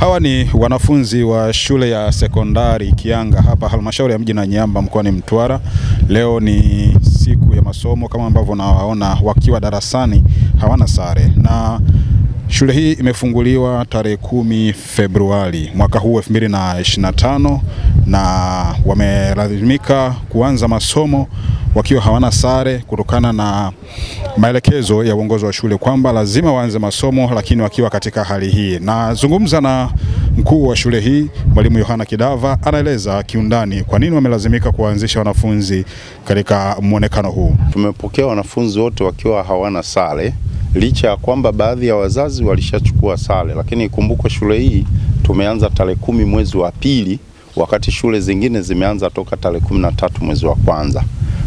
Hawa ni wanafunzi wa shule ya sekondari Kianga hapa halmashauri ya mji Nanyamba mkoani Mtwara. Leo ni siku ya masomo kama ambavyo nawaona wakiwa darasani, hawana sare na shule hii imefunguliwa tarehe kumi Februari mwaka huu 2025 na, na wamelazimika kuanza masomo wakiwa hawana sare kutokana na maelekezo ya uongozi wa shule kwamba lazima waanze masomo, lakini wakiwa katika hali hii. Nazungumza na mkuu wa shule hii Mwalimu Yohana Kidava, anaeleza kiundani kwa nini wamelazimika kuwaanzisha wanafunzi katika mwonekano huu. Tumepokea wanafunzi wote wakiwa hawana sare licha ya kwamba baadhi ya wazazi walishachukua sare, lakini ikumbukwe shule hii tumeanza tarehe kumi mwezi wa pili wakati shule zingine zimeanza toka tarehe kumi na tatu mwezi wa kwanza.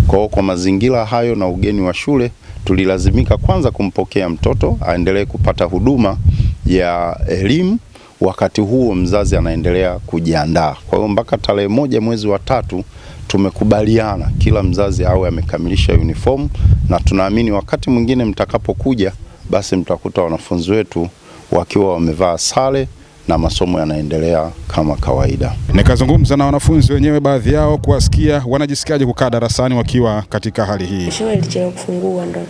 Kwa kwa mazingira hayo na ugeni wa shule, tulilazimika kwanza kumpokea mtoto aendelee kupata huduma ya elimu, wakati huo mzazi anaendelea kujiandaa. Kwa hiyo mpaka tarehe moja mwezi wa tatu tumekubaliana kila mzazi awe amekamilisha uniform, na tunaamini wakati mwingine mtakapokuja, basi mtakuta wanafunzi wetu wakiwa wamevaa sare na masomo yanaendelea kama kawaida. Nikazungumza na wanafunzi wenyewe, baadhi yao kuwasikia wanajisikiaje kukaa darasani wakiwa katika hali hii. Shule ilichelewa kufungua ndo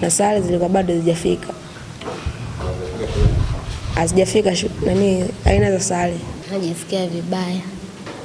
na sare zilikuwa bado hazijafika, hazijafika nani, aina za sare. Najisikia vibaya,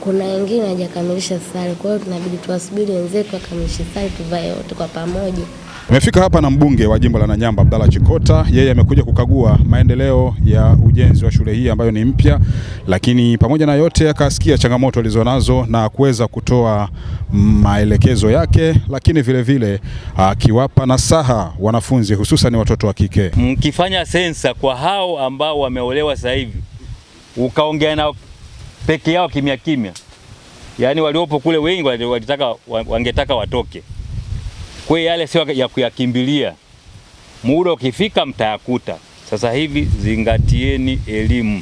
kuna wengine hajakamilisha sare, kwa hiyo tunabidi tuwasubiri wenzetu wakamilishe sare, tuvae wote kwa pamoja. Nimefika hapa na mbunge wa jimbo la Nanyamba Abdalla Chikota. Yeye amekuja kukagua maendeleo ya ujenzi wa shule hii ambayo ni mpya, lakini pamoja na yote akasikia changamoto alizonazo na kuweza kutoa maelekezo yake, lakini vilevile akiwapa nasaha wanafunzi hususan watoto wa kike. Mkifanya sensa kwa hao ambao wameolewa sasa hivi, ukaongea na peke yao kimya kimya, yaani waliopo kule wengi walitaka wangetaka watoke kwa yale sio ya kuyakimbilia, muda ukifika mtayakuta. Sasa hivi zingatieni elimu.